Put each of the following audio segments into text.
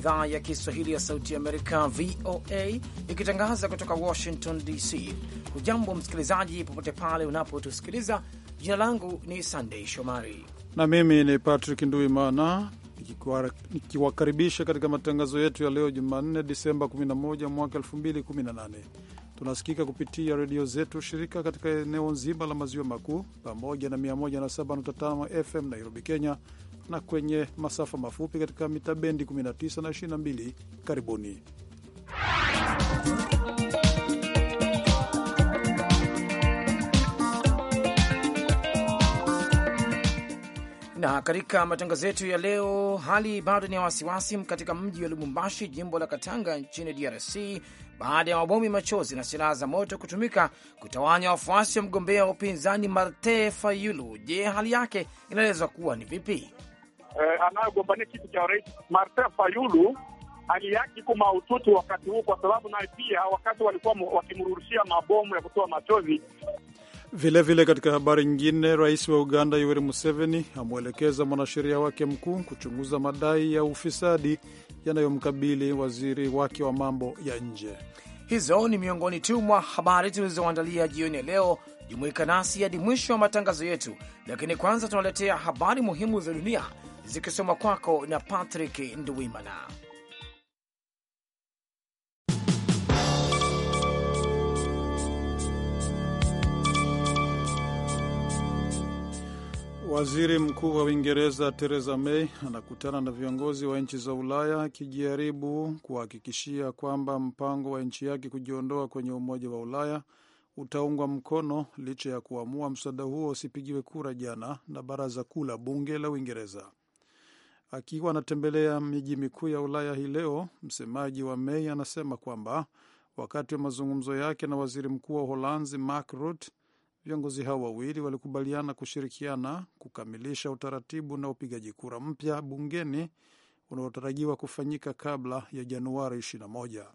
idhaa ya Kiswahili ya Sauti Amerika, VOA, ikitangaza kutoka Washington DC. Hujambo msikilizaji, popote pale unapotusikiliza. Jina langu ni Sandei Shomari na mimi ni Patrick Nduimana nikiwakaribisha katika matangazo yetu ya leo Jumanne, Disemba 11 mwaka 2018. Tunasikika kupitia redio zetu shirika katika eneo nzima la maziwa makuu pamoja na 107.5 FM Nairobi, Kenya na kwenye masafa mafupi katika mita bendi 19 na 22. Karibuni. Na katika matangazo yetu ya leo, hali bado ni ya wasiwasi katika mji wa Lubumbashi, jimbo la Katanga nchini DRC, baada ya mabomu machozi na silaha za moto kutumika kutawanya wafuasi wa mgombea wa upinzani Marte Fayulu. Je, hali yake inaelezwa kuwa ni vipi? eh, anayogombania kiti cha urais Martin Fayulu hali yake iko mahututi wakati huu, kwa sababu naye pia wakati walikuwa wakimrurushia mabomu ya kutoa machozi. Vilevile vile, katika habari nyingine, rais wa Uganda Yoweri Museveni amwelekeza mwanasheria wake mkuu kuchunguza madai ya ufisadi yanayomkabili waziri wake wa mambo ya nje. Hizo ni miongoni tu mwa habari tulizoandalia jioni ya leo. Jumuika nasi hadi mwisho wa matangazo yetu, lakini kwanza tunaletea habari muhimu za dunia zikisoma kwako na Patrick Nduwimana. Waziri Mkuu wa Uingereza Theresa May anakutana na viongozi wa nchi za Ulaya akijaribu kuhakikishia kwamba mpango wa nchi yake kujiondoa kwenye Umoja wa Ulaya utaungwa mkono licha ya kuamua mswada huo usipigiwe kura jana na Baraza Kuu la Bunge la Uingereza. Akiwa anatembelea miji mikuu ya Ulaya hii leo, msemaji wa Mei anasema kwamba wakati wa mazungumzo yake na waziri mkuu wa Uholanzi Mark Rutte, viongozi hao wawili walikubaliana kushirikiana kukamilisha utaratibu na upigaji kura mpya bungeni unaotarajiwa kufanyika kabla ya Januari 21.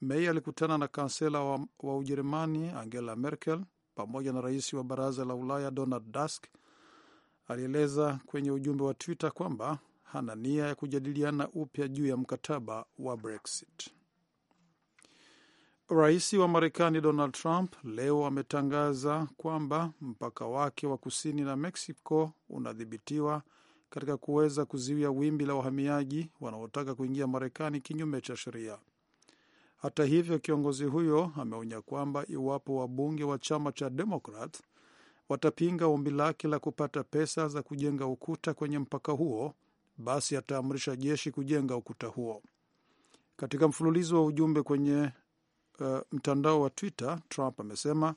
Mei alikutana na kansela wa, wa Ujerumani Angela Merkel pamoja na rais wa baraza la Ulaya Donald Tusk alieleza kwenye ujumbe wa Twitter kwamba hana nia ya kujadiliana upya juu ya mkataba wa Brexit. Rais wa Marekani Donald Trump leo ametangaza kwamba mpaka wake wa kusini na Mexico unadhibitiwa katika kuweza kuzuia wimbi la wahamiaji wanaotaka kuingia Marekani kinyume cha sheria. Hata hivyo, kiongozi huyo ameonya kwamba iwapo wabunge wa chama cha Demokrat watapinga ombi lake la kupata pesa za kujenga ukuta kwenye mpaka huo, basi ataamrisha jeshi kujenga ukuta huo. Katika mfululizo wa ujumbe kwenye uh, mtandao wa Twitter, Trump amesema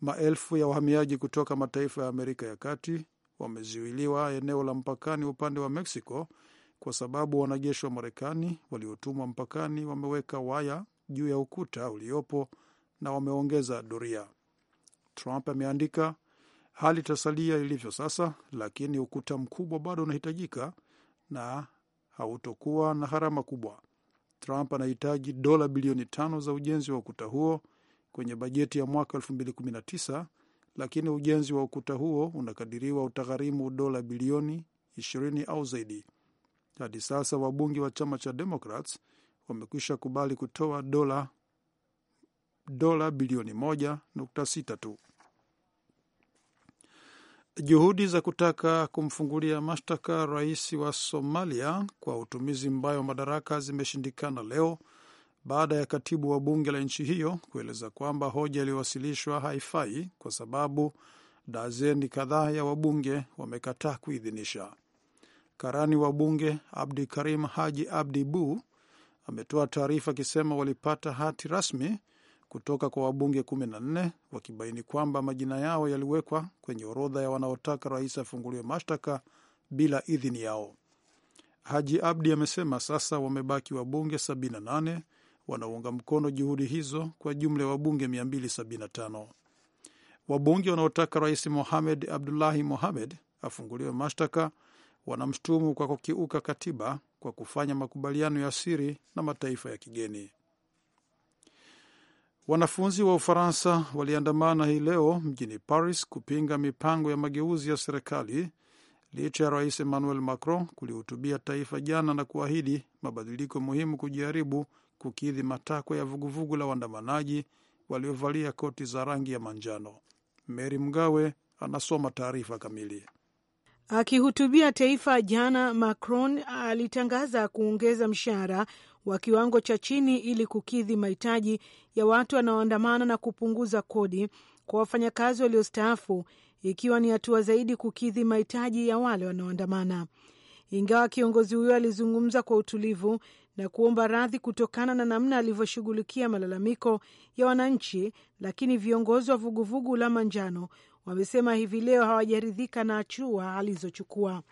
maelfu ya wahamiaji kutoka mataifa ya Amerika ya Kati wamezuiliwa eneo la mpakani upande wa Mexico kwa sababu wanajeshi wa Marekani waliotumwa mpakani wameweka waya juu ya ukuta uliopo na wameongeza doria. Trump ameandika, Hali itasalia ilivyo sasa, lakini ukuta mkubwa bado unahitajika na hautokuwa na gharama kubwa. Trump anahitaji dola bilioni tano za ujenzi wa ukuta huo kwenye bajeti ya mwaka 2019 lakini ujenzi wa ukuta huo unakadiriwa utagharimu dola bilioni 20 au zaidi. Hadi sasa wabunge wa chama cha Democrats wamekwisha kubali kutoa dola dola bilioni 1.6 tu. Juhudi za kutaka kumfungulia mashtaka rais wa Somalia kwa utumizi mbaya wa madaraka zimeshindikana leo baada ya katibu wa bunge la nchi hiyo kueleza kwamba hoja iliyowasilishwa haifai kwa sababu dazeni kadhaa ya wabunge wamekataa kuidhinisha. Karani wa bunge Abdi Karim Haji Abdi Bu ametoa taarifa akisema walipata hati rasmi kutoka kwa wabunge 14 wakibaini kwamba majina yao yaliwekwa kwenye orodha ya wanaotaka rais afunguliwe mashtaka bila idhini yao. Haji Abdi amesema sasa wamebaki wabunge 78 wanaunga mkono juhudi hizo, kwa jumla ya wabunge 275. Wabunge wanaotaka rais Mohamed Abdullahi Mohamed afunguliwe mashtaka wanamshutumu kwa kukiuka katiba kwa kufanya makubaliano ya siri na mataifa ya kigeni. Wanafunzi wa Ufaransa waliandamana hii leo mjini Paris kupinga mipango ya mageuzi ya serikali licha ya Rais Emmanuel Macron kulihutubia taifa jana na kuahidi mabadiliko muhimu kujaribu kukidhi matakwa ya vuguvugu la waandamanaji waliovalia koti za rangi ya manjano. Meri Mgawe anasoma taarifa kamili. Akihutubia taifa jana, Macron alitangaza kuongeza mshahara wa kiwango cha chini ili kukidhi mahitaji ya watu wanaoandamana na kupunguza kodi kwa wafanyakazi waliostaafu, ikiwa ni hatua zaidi kukidhi mahitaji ya wale wanaoandamana. Ingawa kiongozi huyo alizungumza kwa utulivu na kuomba radhi kutokana na namna alivyoshughulikia malalamiko ya wananchi, lakini viongozi wa vuguvugu la manjano wamesema hivi leo hawajaridhika na hatua alizochukua.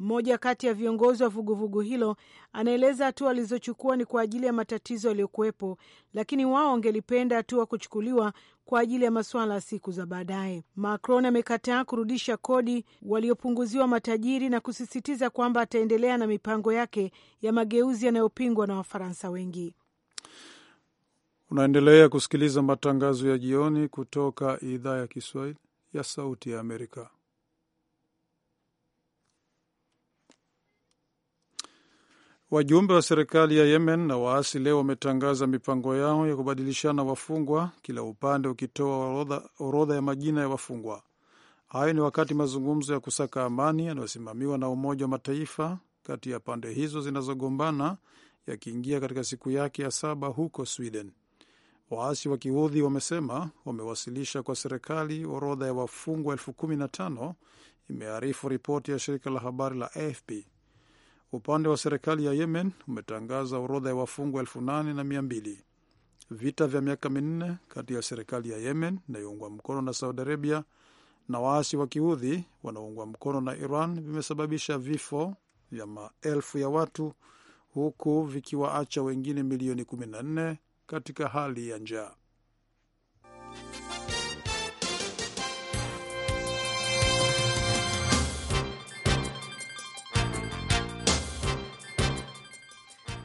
Mmoja kati ya viongozi wa vuguvugu hilo anaeleza hatua alizochukua ni kwa ajili ya matatizo yaliyokuwepo, lakini wao wangelipenda hatua kuchukuliwa kwa ajili ya masuala ya siku za baadaye. Macron amekataa kurudisha kodi waliopunguziwa matajiri na kusisitiza kwamba ataendelea na mipango yake ya mageuzi yanayopingwa na Wafaransa wengi. Unaendelea kusikiliza matangazo ya jioni kutoka idhaa ya Kiswahili ya Sauti ya Amerika. Wajumbe wa serikali ya Yemen na waasi leo wametangaza mipango yao ya kubadilishana wafungwa, kila upande ukitoa orodha, ya majina ya wafungwa. Hayo ni wakati mazungumzo ya kusaka amani yanayosimamiwa na Umoja wa Mataifa kati ya pande hizo zinazogombana yakiingia katika siku yake ya saba huko Sweden. Waasi wa Kiudhi wamesema wamewasilisha kwa serikali orodha ya wafungwa elfu kumi na tano imearifu ripoti ya shirika la habari la AFP. Upande wa serikali ya Yemen umetangaza orodha ya wafungwa elfu nane na mia mbili. Vita vya miaka minne kati ya serikali ya Yemen inayoungwa mkono na Saudi Arabia na waasi wa kiudhi wanaoungwa mkono na Iran vimesababisha vifo vya maelfu ya watu huku vikiwaacha wengine milioni 14 katika hali ya njaa.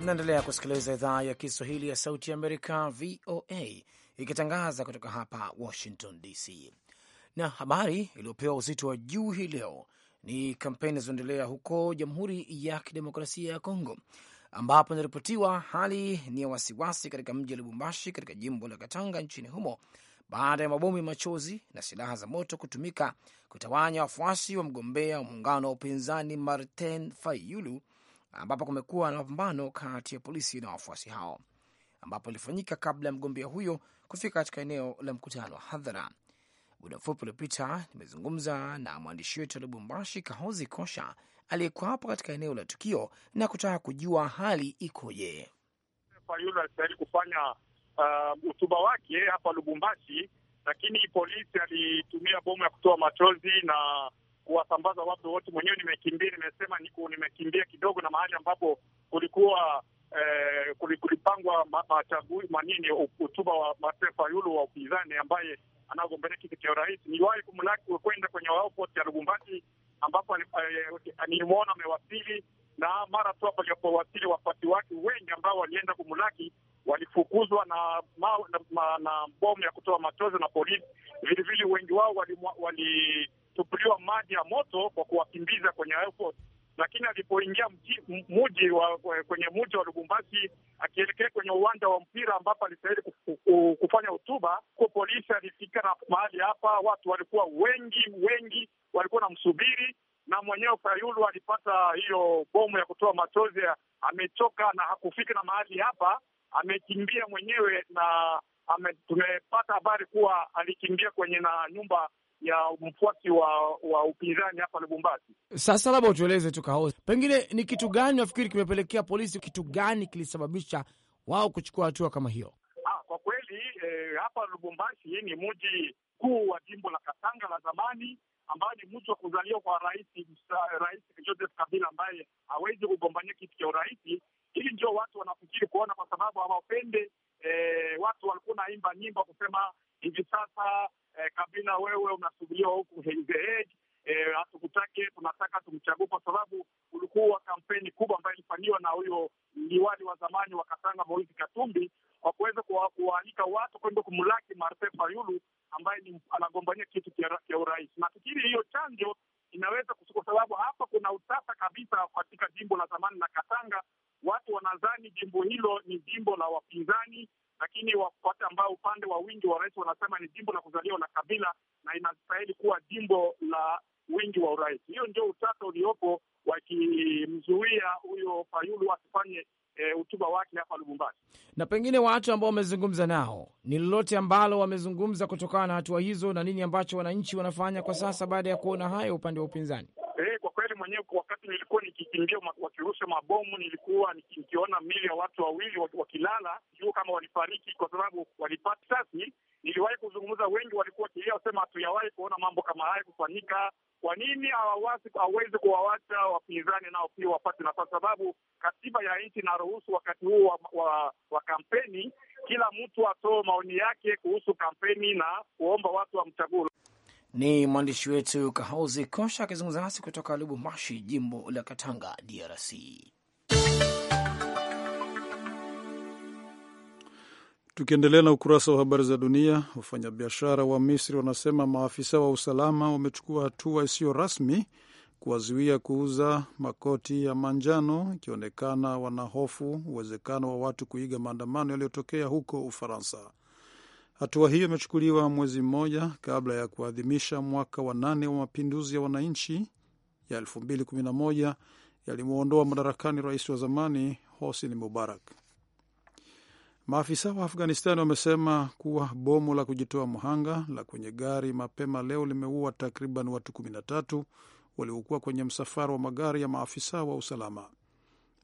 Naendelea kusikiliza idhaa ya Kiswahili ya Sauti ya Amerika, VOA, ikitangaza kutoka hapa Washington DC. Na habari iliyopewa uzito wa juu hii leo ni kampeni zinazoendelea huko Jamhuri ya Kidemokrasia ya Kongo, ambapo inaripotiwa hali ni ya wasiwasi katika mji wa Lubumbashi katika jimbo la Katanga nchini humo baada ya mabomu ya machozi na silaha za moto kutumika kutawanya wafuasi wa mgombea wa muungano wa upinzani Martin Fayulu ambapo kumekuwa na mapambano kati ya polisi na wafuasi hao, ambapo ilifanyika kabla ya mgombea huyo kufika katika eneo la mkutano wa hadhara. Muda mfupi uliopita nimezungumza na mwandishi wetu wa Lubumbashi, Kahozi Kosha, aliyekuwa hapo katika eneo la tukio na kutaka kujua hali ikoje. Fayulu alistahili kufanya hotuba uh, wake hapa Lubumbashi, lakini polisi alitumia bomu ya kutoa machozi na kuwasambaza watu wote. Mwenyewe nimekimbia, nimesema niku, nimekimbia kidogo na mahali ambapo kulikuwa eh, kulipangwa machaguzi manini, hotuba wa Martin Fayulu wa upinzani ambaye anagombania kiti cha urais. Niliwahi kumlaki kwenda kwenye airport ya Lubumbashi ambapo eh, nilimwona amewasili, na mara tu alipowasili wafuasi wake wengi ambao walienda kumlaki walifukuzwa na, na, na, na bomu ya kutoa machozi na polisi. Vilevile wengi wao wali, wali kutupuliwa maji ya moto kwa kuwakimbiza kwenye airport, lakini alipoingia mji wa kwenye mji wa Lubumbashi akielekea kwenye uwanja wa mpira ambapo alistahili kufanya hotuba, ko polisi alifika na mahali hapa, watu walikuwa wengi wengi, walikuwa na msubiri na mwenyewe Fayulu alipata hiyo bomu ya kutoa machozi, amechoka na hakufika na mahali hapa, amekimbia mwenyewe na ame, tumepata habari kuwa alikimbia kwenye na nyumba ya mfuasi wa wa upinzani hapa Lubumbashi. Sasa labda utueleze tu kaho, pengine ni kitu gani nafikiri kimepelekea polisi, kitu gani kilisababisha wao kuchukua hatua kama hiyo? Ha, ah, kwa kweli eh, hapa Lubumbashi ni mji kuu wa jimbo la Katanga la zamani ambayo ni mtu wa kuzaliwa kwa rais rais Joseph Kabila ambaye hawezi kugombania kitu cha urais. Hili ndio watu wanafikiri kuona, kwa sababu hawapende. eh, watu walikuwa naimba nyimbo kusema hivi sasa eh, Kabila wewe unasubiriwa huku eh, hatukutake, tunataka tumchague, kwa sababu ulikuwa kampeni kubwa ambayo ilifanyiwa na huyo liwali wa zamani wa Katanga Moizi Katumbi kwa kuweza kuwaalika watu kwenda kumlaki Marte Fayulu ambaye ni anagombania kitu cha urais. Nafikiri hiyo chanjo inaweza kwa sababu hapa kuna utata kabisa katika jimbo la zamani la Katanga. Watu wanadhani jimbo hilo ni jimbo la wapinzani lakini wafuata ambao upande wa wingi wa rais wanasema ni jimbo la kuzaliwa la Kabila na inastahili kuwa jimbo la wingi wa urais. Hiyo ndio utata uliopo, wakimzuia huyo Fayulu asifanye hotuba eh, e, wake hapa Lubumbashi. Na pengine watu ambao wamezungumza nao, ni lolote ambalo wamezungumza kutokana na hatua hizo, na nini ambacho wananchi wanafanya kwa sasa baada ya kuona hayo upande wa upinzani? E, kwa kweli mwenyewe wakati nilikuwa ni nikikimbia wakirusha mabomu, nilikuwa nikiona mili ya watu wawili wakilala, sijua kama walifariki kwa sababu walipata sasi. Niliwahi kuzungumza, wengi walikuwa kilia wasema, hatuyawahi kuona mambo kama haya kufanyika. Kwa nini awezi kuwawacha wapinzani nao pia wapate nafasi? Sababu katiba ya nchi inaruhusu wakati huo wa, wa, wa kampeni kila mtu atoe maoni yake kuhusu kampeni na kuomba watu wamchague. Ni mwandishi wetu Kahauzi Kosha akizungumza nasi kutoka Lubumbashi, jimbo la Katanga, DRC. Tukiendelea na ukurasa wa habari za dunia, wafanyabiashara wa Misri wanasema maafisa wa usalama wamechukua hatua isiyo rasmi kuwazuia kuuza makoti ya manjano, ikionekana wanahofu uwezekano wa watu kuiga maandamano yaliyotokea huko Ufaransa. Hatua hiyo imechukuliwa mwezi mmoja kabla ya kuadhimisha mwaka wa nane wa mapinduzi ya wananchi ya 2011 yalimwondoa madarakani rais wa zamani Hosni Mubarak. Maafisa wa Afghanistani wamesema kuwa bomu la kujitoa mhanga la kwenye gari mapema leo limeua takriban watu 13 waliokuwa kwenye msafara wa magari ya maafisa wa usalama.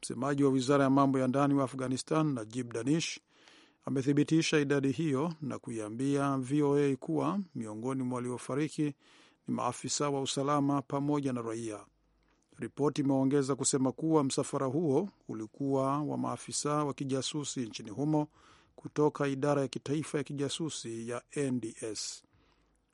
Msemaji wa wizara ya mambo ya ndani wa Afghanistan, Najib Danish, amethibitisha idadi hiyo na kuiambia VOA kuwa miongoni mwa waliofariki ni maafisa wa usalama pamoja na raia. Ripoti imeongeza kusema kuwa msafara huo ulikuwa wa maafisa wa kijasusi nchini humo kutoka idara ya kitaifa ya kijasusi ya NDS.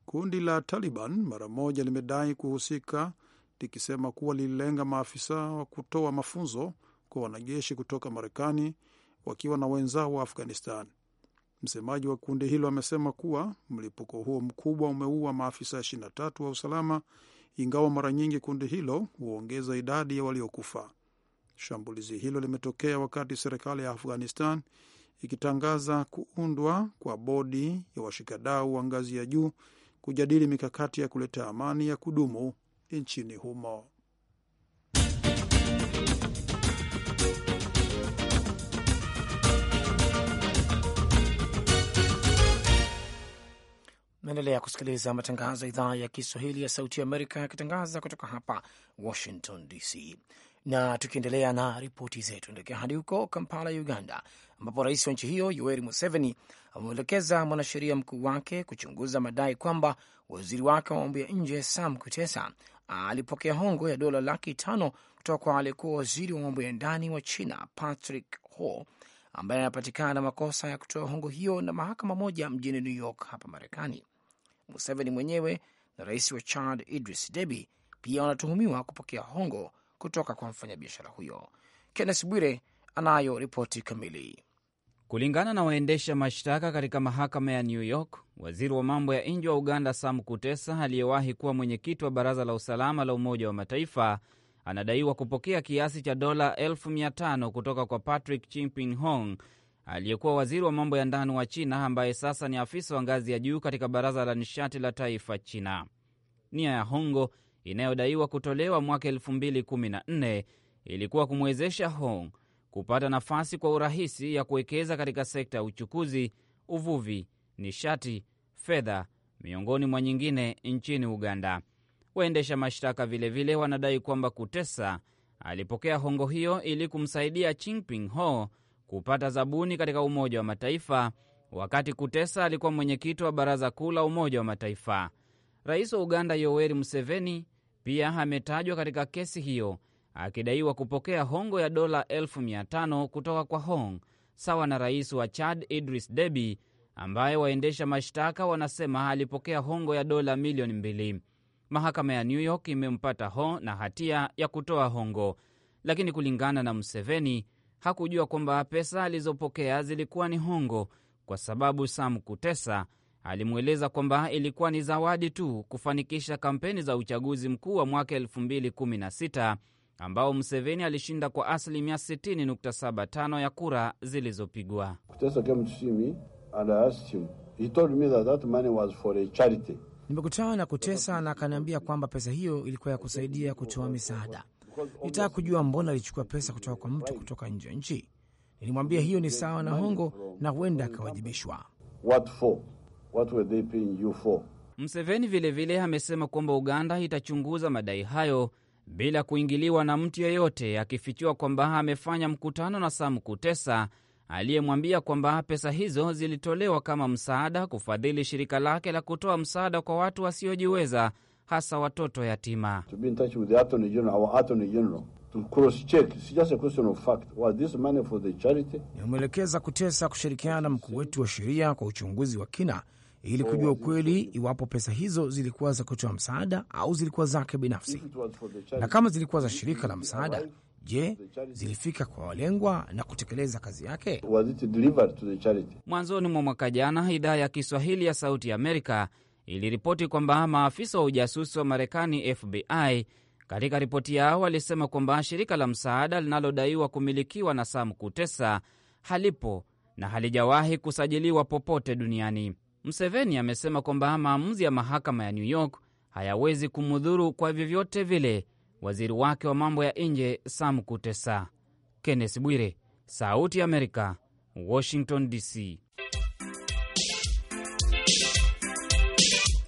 Kundi la Taliban mara moja limedai kuhusika likisema kuwa lililenga maafisa wa kutoa mafunzo kwa wanajeshi kutoka Marekani wakiwa na wenzao wa Afghanistan. Msemaji wa kundi hilo amesema kuwa mlipuko huo mkubwa umeua maafisa 23 wa usalama, ingawa mara nyingi kundi hilo huongeza idadi ya waliokufa. Shambulizi hilo limetokea wakati serikali ya Afghanistan ikitangaza kuundwa kwa bodi ya washikadau wa ngazi ya juu kujadili mikakati ya kuleta amani ya kudumu nchini humo. Naendelea kusikiliza matangazo ya idhaa ya Kiswahili ya Sauti Amerika yakitangaza kutoka hapa Washington DC. Na tukiendelea na ripoti zetu, tunaelekea hadi huko Kampala ya Uganda, ambapo rais wa nchi hiyo Yoweri Museveni amemwelekeza mwanasheria mkuu wake kuchunguza madai kwamba waziri wake wa mambo ya nje Sam Kutesa alipokea hongo ya dola laki tano kutoka kwa aliyekuwa waziri wa mambo ya ndani wa China Patrick Ho ambaye anapatikana na makosa ya kutoa hongo hiyo na mahakama moja mjini New York hapa Marekani. Museveni mwenyewe na rais wa Chad Idris Deby pia wanatuhumiwa kupokea hongo kutoka kwa mfanyabiashara huyo. Kennes Bwire anayo ripoti kamili. Kulingana na waendesha mashtaka katika mahakama ya New York, waziri wa mambo ya nje wa Uganda Sam Kutesa, aliyewahi kuwa mwenyekiti wa baraza la usalama la Umoja wa Mataifa, anadaiwa kupokea kiasi cha dola elfu mia tano kutoka kwa Patrick Chimping Hong, aliyekuwa waziri wa mambo ya ndani wa China ambaye sasa ni afisa wa ngazi ya juu katika baraza la nishati la taifa China. Nia ya Hongo inayodaiwa kutolewa mwaka 2014 ilikuwa kumwezesha Hong kupata nafasi kwa urahisi ya kuwekeza katika sekta ya uchukuzi, uvuvi, nishati, fedha, miongoni mwa nyingine nchini Uganda. Waendesha mashtaka vilevile wanadai kwamba Kutesa alipokea hongo hiyo ili kumsaidia Chinping Ho kupata zabuni katika Umoja wa Mataifa wakati Kutesa alikuwa mwenyekiti wa Baraza Kuu la Umoja wa Mataifa. Rais wa Uganda Yoweri Museveni pia ametajwa katika kesi hiyo akidaiwa kupokea hongo ya dola elfu mia tano kutoka kwa Hong, sawa na rais wa Chad Idris Deby ambaye waendesha mashtaka wanasema alipokea hongo ya dola milioni mbili. Mahakama ya New York imempata Hong na hatia ya kutoa hongo, lakini kulingana na Museveni hakujua kwamba pesa alizopokea zilikuwa ni hongo, kwa sababu Sam Kutesa alimweleza kwamba ilikuwa ni zawadi tu kufanikisha kampeni za uchaguzi mkuu wa mwaka 2016 ambao mseveni alishinda kwa asilimia 60.75 ya kura zilizopigwa. Nimekutana na Kutesa na akaniambia kwamba pesa hiyo ilikuwa ya kusaidia kutoa misaada nitaka kujua mbona alichukua pesa kutoka kwa mtu kutoka nje ya nchi. Nilimwambia hiyo ni sawa na hongo na huenda akawajibishwa. Mseveni vilevile amesema kwamba Uganda itachunguza madai hayo bila kuingiliwa na mtu yeyote, akifichua kwamba amefanya mkutano na Sam Kutesa aliyemwambia kwamba pesa hizo zilitolewa kama msaada kufadhili shirika lake la kutoa msaada kwa watu wasiojiweza hasa watoto yatima. Nimemwelekeza Kutesa kushirikiana na mkuu wetu wa sheria kwa uchunguzi wa kina ili oh, kujua ukweli iwapo pesa hizo zilikuwa za kutoa msaada au zilikuwa zake binafsi, na kama zilikuwa za shirika la msaada, je, zilifika kwa walengwa na kutekeleza kazi yake? Mwanzoni mwa mwaka jana, idhaa ya Kiswahili ya Sauti ya Amerika iliripoti kwamba maafisa wa ujasusi wa Marekani FBI katika ripoti yao walisema kwamba shirika la msaada linalodaiwa kumilikiwa na Sam Kutesa halipo na halijawahi kusajiliwa popote duniani. Mseveni amesema kwamba maamuzi ya mahakama ya New York hayawezi kumudhuru kwa vyovyote vile waziri wake wa mambo ya nje Sam Kutesa. Kenneth Bwire, Sauti ya Amerika, Washington DC.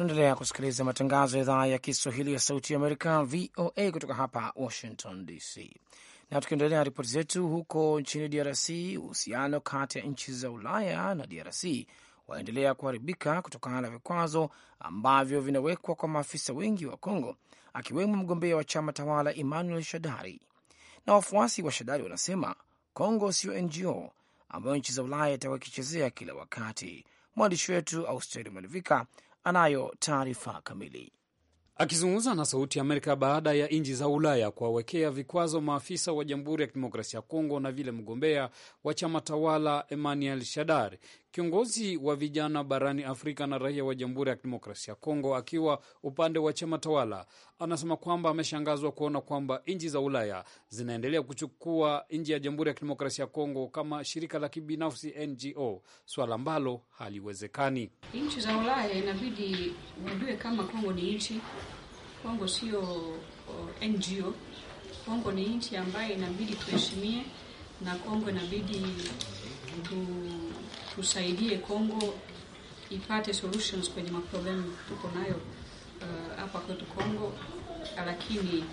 Unaendelea kusikiliza matangazo ya idhaa ya Kiswahili ya Sauti ya Amerika, VOA, kutoka hapa Washington DC. Na tukiendelea ripoti zetu, huko nchini DRC, uhusiano kati ya nchi za Ulaya na DRC waendelea kuharibika kutokana na vikwazo ambavyo vinawekwa kwa maafisa wengi wa congo akiwemo mgombea wa chama tawala Emmanuel Shadari. Na wafuasi wa Shadari wanasema congo sio NGO ambayo nchi za Ulaya itakuwa ikichezea kila wakati. Mwandishi wetu Austeri Malivika anayo taarifa kamili. Akizungumza na Sauti ya Amerika baada ya nchi za Ulaya kuwawekea vikwazo maafisa wa Jamhuri ya Kidemokrasia ya Kongo na vile mgombea wa chama tawala Emmanuel shadar Kiongozi wa vijana barani Afrika na raia wa Jamhuri ya Kidemokrasia ya Kongo akiwa upande wa chama tawala anasema kwamba ameshangazwa kuona kwamba nchi za Ulaya zinaendelea kuchukua nchi ya Jamhuri ya Kidemokrasia ya Kongo kama shirika la kibinafsi NGO, swala ambalo haliwezekani. Nchi za Ulaya inabidi wajue kama Kongo ni nchi. Kongo sio uh, NGO. Kongo ni nchi ambayo inabidi tuheshimie, na Kongo inabidi tu tusaidie Kongo ipate solutions kwenye maproblemu tuko nayo uh, hapa uh, kwetu Kongo, lakini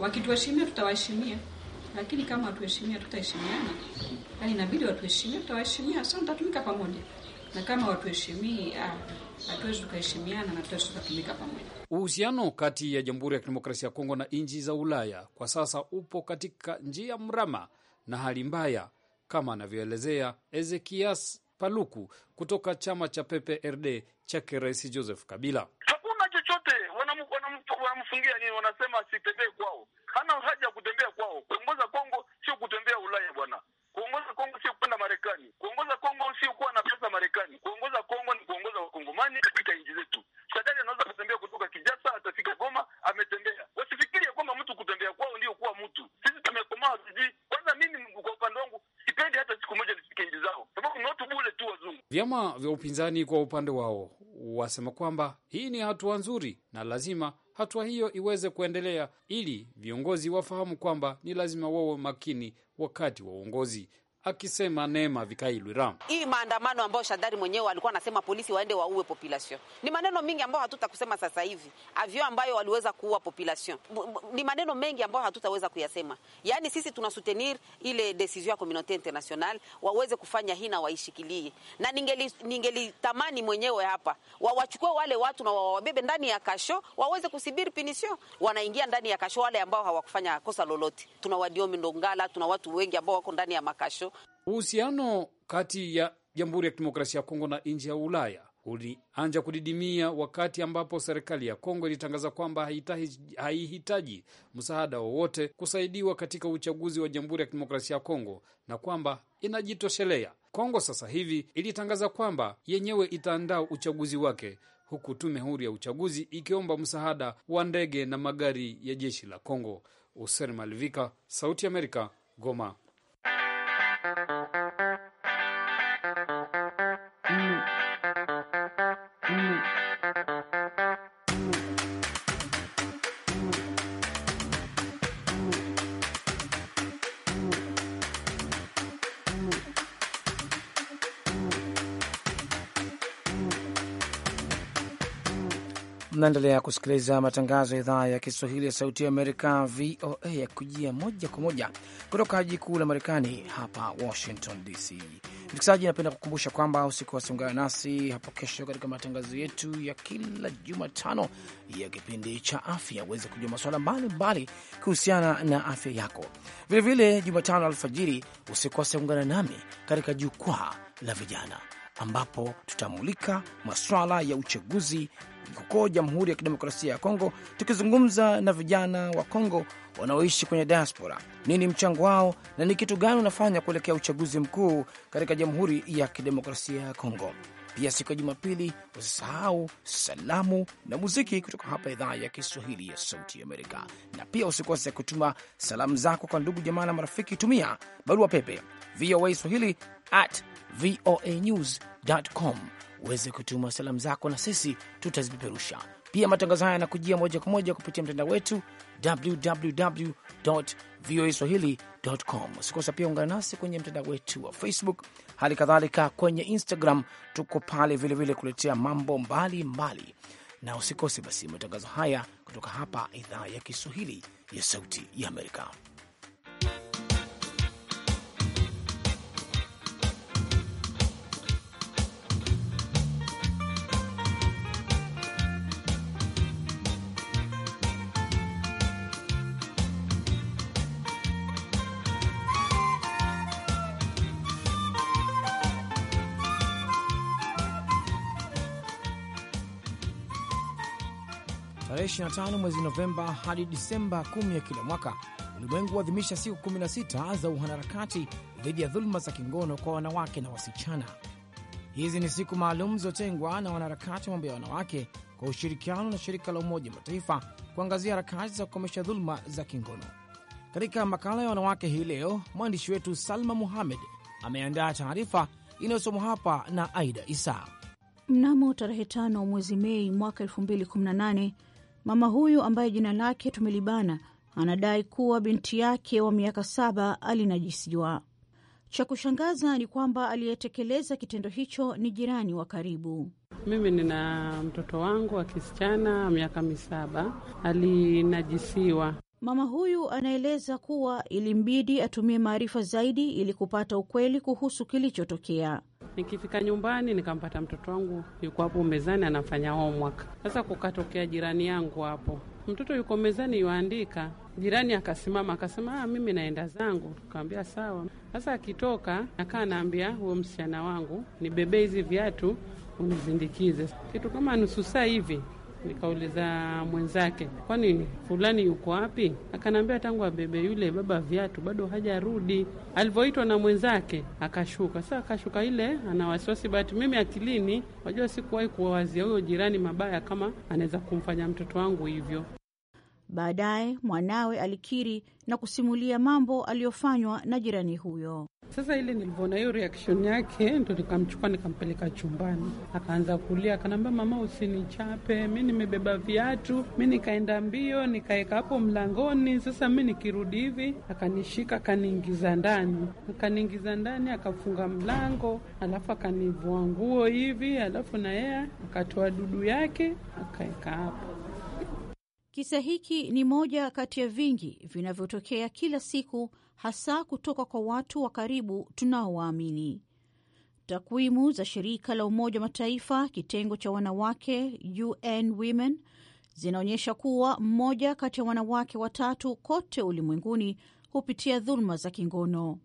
wakituheshimia tutawaheshimia, lakini kama watuheshimia tutaheshimiana, yani inabidi watuheshimia, tutawaheshimia. Sasa tutatumika pamoja na kama watuheshimii ah, hatuwezi tukaheshimiana na tutawezi tukatumika pamoja. Uhusiano kati ya Jamhuri ya Kidemokrasia ya Kongo na nchi za Ulaya kwa sasa upo katika njia mrama na hali mbaya, kama anavyoelezea Ezekias Paluku kutoka chama cha PPRD chake Rais Joseph Kabila. Hakuna chochote wanamfungia nini? Wanasema asitembee kwao, hana haja ya kutembea kwao. Kuongoza Kongo sio kutembea Ulaya bwana. Kuongoza Kongo sio kwenda Marekani. Kuongoza Kongo sio kuwa na pesa Marekani. Kuongoza Kongo ni kuongoza wakongomani katika nchi zetu. Shadari anaweza kutembea kutoka Kinshasa atafika Goma, ametembea. Wasifikirie kwamba mtu kutembea kwao ndio kuwa mtu. Sisi tumekomaa, sijui kwanza. Mimi kwa upande wangu sipendi hata siku moja nifike nchi zao, sababu ni watu tu wazungu. Vyama vya upinzani kwa upande wao wasema kwamba hii ni hatua nzuri na lazima hatua hiyo iweze kuendelea ili viongozi wafahamu kwamba ni lazima wawe makini wakati wa uongozi akisema Neema Vikailwira, hii maandamano ambayo Shadari mwenyewe alikuwa anasema polisi waende waue population ni maneno mengi ambayo hatutakusema sasa hivi, avyo ambayo waliweza kuua population ni maneno mengi ambayo hatutaweza kuyasema. Yaani sisi tuna soutenir ile decision ya community international waweze kufanya hii na waishikilie, na ningelitamani ningeli mwenyewe hapa wawachukue wale watu na wawabebe ndani ya kasho waweze kusibiri pinisho, wanaingia ndani ya kasho wale ambao hawakufanya kosa lolote. Tuna wadiomi Ndongala, tuna watu wengi ambao wako ndani ya makasho Uhusiano kati ya Jamhuri ya Kidemokrasia ya Kongo na nchi ya Ulaya ulianja kudidimia wakati ambapo serikali ya Kongo ilitangaza kwamba haihitaji msaada wowote kusaidiwa katika uchaguzi wa Jamhuri ya Kidemokrasia ya Kongo na kwamba inajitoshelea. Kongo sasa hivi ilitangaza kwamba yenyewe itaandaa uchaguzi wake huku tume huru ya uchaguzi ikiomba msaada wa ndege na magari ya jeshi la Kongo. Usen Malivika, Sauti ya Amerika, Goma. Thank you. Mnaendelea kusikiliza matangazo ya idhaa ya Kiswahili ya Sauti ya Amerika, VOA, kujia moja kwa moja kutoka jiji kuu la Marekani, hapa Washington DC. Msikilizaji, napenda kukumbusha kwamba usiku wasiungana nasi hapo kesho katika matangazo yetu ya kila Jumatano ya kipindi cha afya, uweze kujua masuala mbalimbali kuhusiana na afya yako. Vilevile Jumatano alfajiri usikose ungana nami katika jukwaa la vijana ambapo tutamulika maswala ya uchaguzi huko Jamhuri ya Kidemokrasia ya Kongo, tukizungumza na vijana wa Kongo wanaoishi kwenye diaspora. Nini mchango wao na ni kitu gani unafanya kuelekea uchaguzi mkuu katika Jamhuri ya Kidemokrasia ya Kongo? Pia siku ya Jumapili usisahau salamu na muziki kutoka hapa idhaa ya Kiswahili ya Sauti Amerika, na pia usikose kutuma salamu zako kwa ndugu, jamaa na marafiki. Tumia barua pepe VOA swahili at voanews.com uweze kutuma salamu zako na sisi tutazipeperusha. Pia matangazo haya yanakujia moja kwa moja kupitia mtandao wetu www voa swahili.com. Usikosa pia ungana nasi kwenye mtandao wetu wa Facebook, hali kadhalika kwenye Instagram, tuko pale vilevile kuletea mambo mbalimbali mbali. Na usikose basi matangazo haya kutoka hapa idhaa ya Kiswahili ya Sauti ya Amerika. tarehe 25 mwezi Novemba hadi Disemba 10 ya kila mwaka, ulimwengu huadhimisha siku 16 za uanaharakati dhidi ya dhuluma za kingono kwa wanawake na wasichana. Hizi ni siku maalum zilizotengwa na wanaharakati wa mambo ya wanawake kwa ushirikiano na shirika la Umoja Mataifa kuangazia harakati za kukomesha dhuluma za kingono. Katika makala ya wanawake hii leo, mwandishi wetu Salma Muhamed ameandaa taarifa inayosomwa hapa na Aida Isa. Mnamo tarehe tano mwezi Mei mwaka Mama huyu ambaye jina lake tumelibana anadai kuwa binti yake wa miaka saba alinajisiwa. Cha kushangaza ni kwamba aliyetekeleza kitendo hicho ni jirani wa karibu. Mimi nina mtoto wangu wa kisichana miaka misaba alinajisiwa. Mama huyu anaeleza kuwa ilimbidi atumie maarifa zaidi ili kupata ukweli kuhusu kilichotokea. Nikifika nyumbani nikampata mtoto wangu yuko hapo mezani anafanya homework. Sasa kukatokea jirani yangu hapo, mtoto yuko mezani yuandika, jirani akasimama akasema, ah, mimi naenda zangu. Tukaambia sawa. Sasa akitoka akaa naambia huyo msichana wangu, nibebe hizi viatu unizindikize, kitu kama nusu saa hivi nikauliza mwenzake, kwani fulani yuko wapi? akanaambia tangu abebe yule baba viatu bado hajarudi. Alivyoitwa na mwenzake akashuka. sa akashuka ile ana wasiwasi, but mimi akilini, wajua, sikuwahi kuwawazia huyo jirani mabaya kama anaweza kumfanya mtoto wangu hivyo. Baadaye mwanawe alikiri na kusimulia mambo aliyofanywa na jirani huyo. Sasa ile nilivyoona hiyo reaction yake, ndo nikamchukua nikampeleka chumbani, akaanza kulia, akanaamba mama, usinichape, mi nimebeba viatu. Mi nikaenda mbio nikaeka hapo mlangoni. Sasa mi nikirudi hivi, akanishika akaniingiza ndani, akaniingiza ndani, akafunga mlango, alafu akanivua nguo hivi, alafu na yeye akatoa dudu yake akaeka hapo. Kisa hiki ni moja kati ya vingi vinavyotokea kila siku hasa kutoka kwa watu wa karibu tunaowaamini. Takwimu za shirika la Umoja wa Mataifa kitengo cha wanawake UN Women zinaonyesha kuwa mmoja kati ya wanawake watatu kote ulimwenguni hupitia dhuluma za kingono.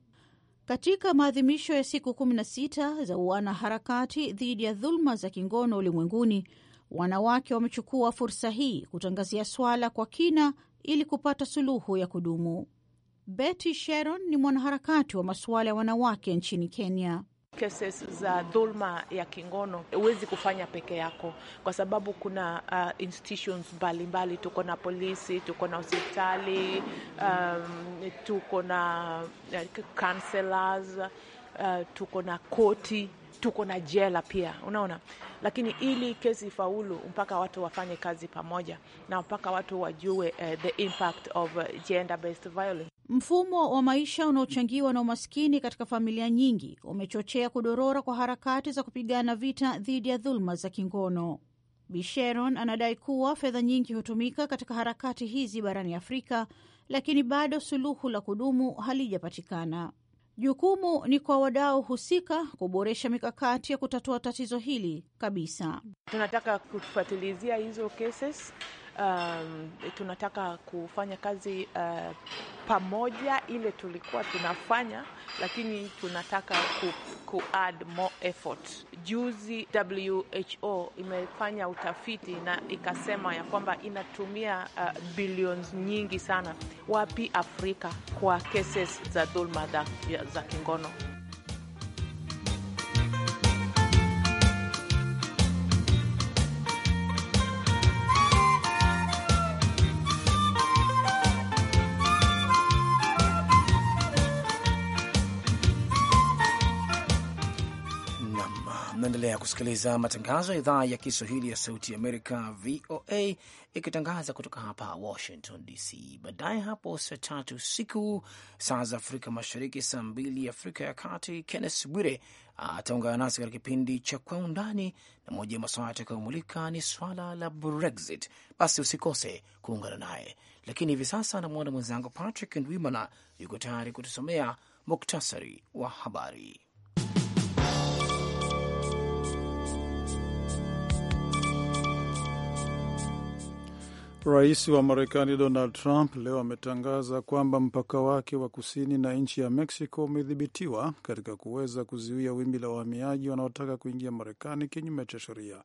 Katika maadhimisho ya siku 16 za wanaharakati dhidi ya dhuluma za kingono ulimwenguni, wanawake wamechukua fursa hii kutangazia swala kwa kina ili kupata suluhu ya kudumu. Betty Sharon ni mwanaharakati wa masuala ya wanawake nchini Kenya. Kesi za dhulma ya kingono huwezi kufanya peke yako, kwa sababu kuna uh, institutions mbalimbali. Tuko na polisi, tuko na hospitali, um, tuko na uh, counselors, uh, tuko na koti, tuko na jela pia, unaona. Lakini ili kesi faulu, mpaka watu wafanye kazi pamoja na mpaka watu wajue uh, the impact of uh, gender based violence. Mfumo wa maisha unaochangiwa na umaskini katika familia nyingi umechochea kudorora kwa harakati za kupigana vita dhidi ya dhuluma za kingono. Bisheron anadai kuwa fedha nyingi hutumika katika harakati hizi barani Afrika, lakini bado suluhu la kudumu halijapatikana. Jukumu ni kwa wadau husika kuboresha mikakati ya kutatua tatizo hili kabisa. Tunataka kufuatilizia hizo cases um, tunataka kufanya kazi uh, pamoja ile tulikuwa tunafanya, lakini tunataka ku, ku add more effort. Juzi WHO imefanya utafiti na ikasema ya kwamba inatumia uh, billions nyingi sana wapi Afrika kwa cases za dhulma za kingono. Unaendelea kusikiliza matangazo ya idhaa ya Kiswahili ya Sauti Amerika, VOA, ikitangaza kutoka hapa Washington DC. Baadaye hapo saa tatu siku saa za Afrika Mashariki, saa mbili Afrika ya Kati. Kenneth Bwire ataungana nasi katika kipindi cha Kwa Undani, na moja ya masuala yatakayomulika ni swala la Brexit. Basi usikose kuungana naye, lakini hivi sasa anamwona mwenzangu Patrick Ndwimana yuko tayari kutusomea muktasari wa habari. Rais wa Marekani Donald Trump leo ametangaza kwamba mpaka wake wa kusini na nchi ya Mexico umedhibitiwa katika kuweza kuzuia wimbi la wahamiaji wanaotaka kuingia Marekani kinyume cha sheria.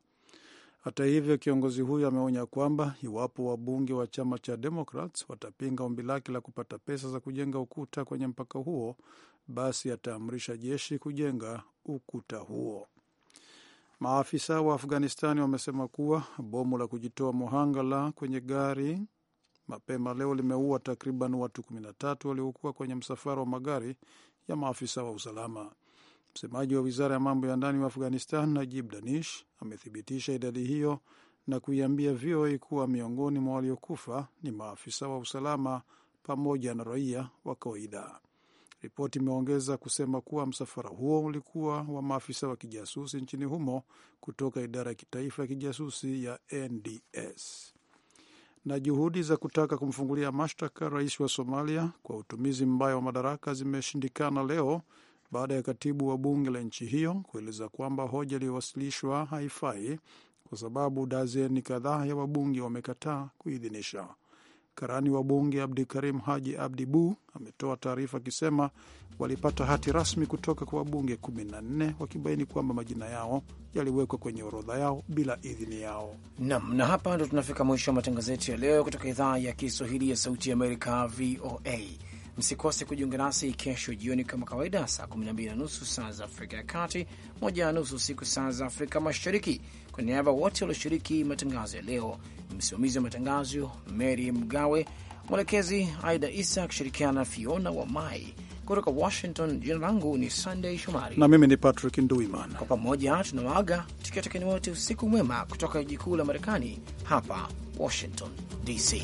Hata hivyo, kiongozi huyo ameonya kwamba iwapo wabunge wa chama cha Democrats watapinga ombi lake la kupata pesa za kujenga ukuta kwenye mpaka huo, basi ataamrisha jeshi kujenga ukuta huo. Maafisa wa Afghanistani wamesema kuwa bomu la kujitoa muhanga la kwenye gari mapema leo limeua takriban watu 13 waliokuwa kwenye msafara wa magari ya maafisa wa usalama. Msemaji wa wizara ya mambo ya ndani wa Afghanistan, Najib Danish, amethibitisha idadi hiyo na kuiambia VOA kuwa miongoni mwa waliokufa ni maafisa wa usalama pamoja na raia wa kawaida. Ripoti imeongeza kusema kuwa msafara huo ulikuwa wa maafisa wa kijasusi nchini humo kutoka idara ya kitaifa ya kijasusi ya NDS. Na juhudi za kutaka kumfungulia mashtaka rais wa Somalia kwa utumizi mbaya wa madaraka zimeshindikana leo baada ya katibu wa bunge la nchi hiyo kueleza kwamba hoja iliyowasilishwa haifai kwa sababu dazeni kadhaa ya wabunge wamekataa kuidhinisha. Karani wa bunge karim Haji abdi bu ametoa taarifa akisema walipata hati rasmi kutoka kwa wabunge 14 wakibaini kwamba majina yao yaliwekwa kwenye orodha yao bila idhini yao. Nam, na hapa ndo tunafika mwisho wa matangazo yetu ya leo kutoka idhaa ya Kiswahili ya Sauti ya Amerika, VOA. Msikose kujiunga nasi kesho jioni kama kawaida, saa 12 na nusu saa za Afrika ya Kati, moja na nusu saa za Afrika Mashariki. Kwa niaba wote walioshiriki matangazo ya leo, msimamizi wa matangazo Mary Mgawe, mwelekezi Aida Isa akishirikiana na Fiona wa Mai kutoka Washington. Jina langu ni sandey Shomari na mimi ni Patrick Nduimana. Kwa pamoja tunawaaga tukiwatakieni wote usiku mwema kutoka jiji kuu la Marekani, hapa Washington DC.